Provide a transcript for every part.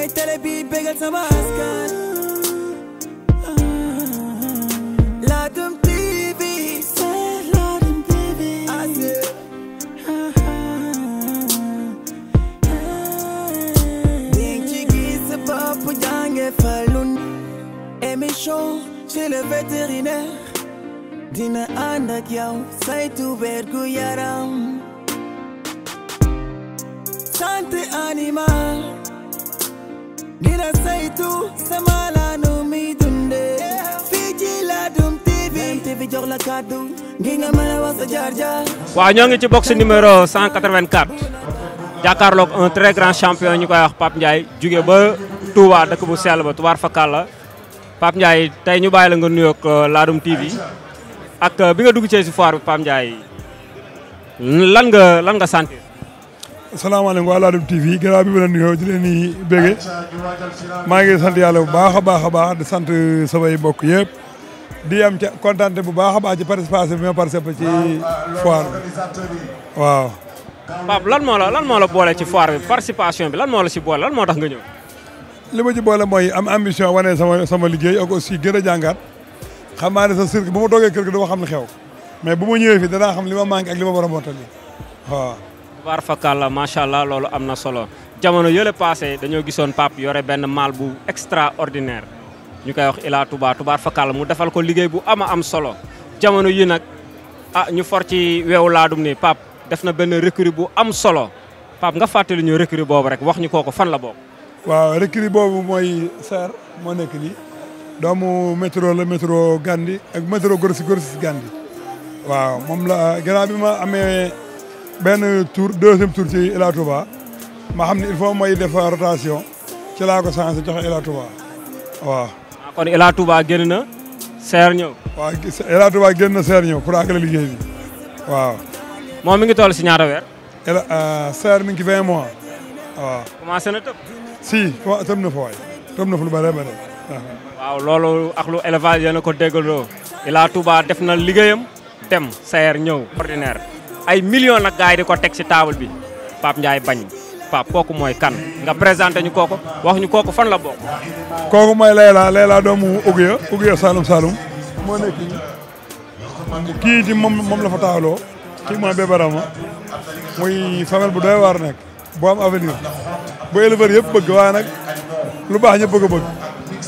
waaye télé bi bégal sama askan Ladoum TV c'est Ladoum TV ding ci gis sa bopp jànge falun émission chez le vétérinaire dina ànd ak yow saytu wér gu yaram santé animal dina saytu sama ñoo ngi ci box numéro 184 jàkkaarloog un très grand champion ñu koy wax Pape njaay jóge ba Touba dëkk bu sell ba tubaar fakal la Pape tey ñu bàyyi la nga nuyoog euh, Ladoum TV ak euh, bi nga dugg ci si bi Pape Ndiaye lan nga lan nga sentir salaamaaleykum waa Ladoum TV gannaaw bi ma leen nuyoo di leen di bége maa ngi sant yàlla bu baax a baax a baax di sant samay mbokk yépp di am ca kontaante bu baax a baax ci participation bi ma participé ci foire bi waaw. moo la lan moo la boole ci foire bi bi lan moo la si boole lan moo tax nga ñëw. li ma ci boole mooy am ambition wane sama sama liggéey ak aussi gën a jàngat xam naa ne sa cirque bu mu toogee kër gi dama xam li xew mais bu ma ñëwee fii xam li maa manqué ak li ma war a waaw. waar fakalla macha allah loolu am na solo jamono yële passé dañoo gisoon Pape yore benn maal bu extraordinaire ñu koy wax Ila Touba tubaar fakalla mu defal ko liggéey bu am am solo jamono yi nag ah ñu for ci weewu laadum ni Pape def na benn recrue bu am solo Pape nga fàttali ñu recrue boobu rek wax ñu kooku fan la bokk. waaw recrue boobu mooy Sarr moo nekk nii doomu métro la métro Gandi ak métro Gorsi si Gandi waaw moom la gannaaw bi ma amee. benn tour deuxième tour ci Ila Touba ma xam ne il faut may def rotation ci laa ko changé joxe Ila waaw. Ah, kon Touba génn na seer ñëw. waaw Ila Touba na seer ñëw pour liggéey bi waaw. moom mi ngi toll si ñaata weer. Ila euh, seer mi ngi ci 20 mois commencé na tëb. si tëb na fa tëb na fa lu bare bare waaw loolu ak lu élevage yéen a ko déggandoo Ila Touba def na liggéeyam tem seer ñëw ordinaire. ay millions nag gars yi di ko teg si table bi Pape Ndiaye bañ Pape kooku mooy kan nga présenté ñu kooku wax ñu kooku fan la bokk. kooku mooy Leila Leila doomu Oguya Oguya Saloum Saloum moo nekk kii di moom moom la fa taawloo kii mooy Bébarama muy famille bu doy waar nekk bu am avenir bu éleveur yëpp bëgg waaye lu baax ñëpp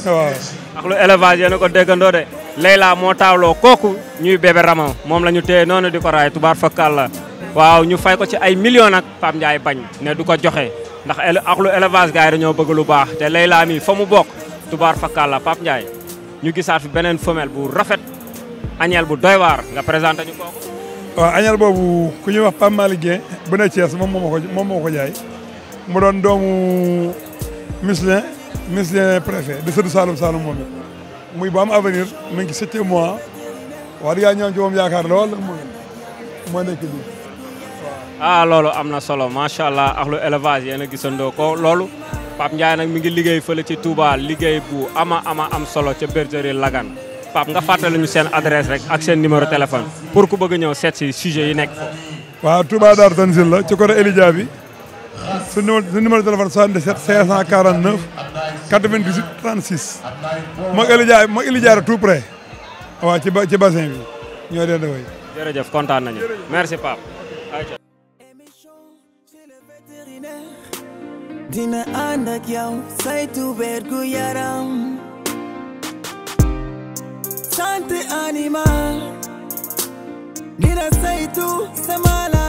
a waaw. ak lu élevage yéen a ko déggandoo de. Layla moo taawloo kooku ñuy bébé Rama moom la ñu téye noonu di ko raay tubaar fakkal la waaw ñu fay ko ci ay millions nag Pape bañ ne du ko joxe ndax ak lu élevage gars yi dañoo bëgg lu baax te Layla mi fo mu bokk tubaar fakkal la Pape Ndiaye ñu gisaat fi beneen femelle bu rafet añeel bu doy waar nga présenté ñu kooku. añeel boobu ku ñuy wax Pape Malick Guèye bu ne Thiès moom moo ko moom moo ko jaay mu doon doomu Mislin Mislin préfet de Sëdu Saloum Saloum moom muy bu am avenir mi ngi septième mois war yaa ñoom ci moom yaakaar lool mooy moo nekk bi ah loolu am na solo macha allah ak lu élevage yéen na gisandoo ko loolu Pape Ndiaye nag mi ngi liggéey fële ci Touba liggéey bu ama ama am solo ca bergerie Lagane Pape nga fàttali ñu seen adresse rek ak seen numéro téléphone pour ku bëgg ñëw seet si sujet yi nekk waa waaw Touba Darou Tanzil la ci côté Elidia bi su numéro téléphone 77 549. 98 36 mag Eli Diar mag Eli Diar tout près waaw ci ci bi ñoo dee daway jërëjëf kontaan nañu merci Pape dina ànd ak yow saytu wér yaram santé animal dina saytu sama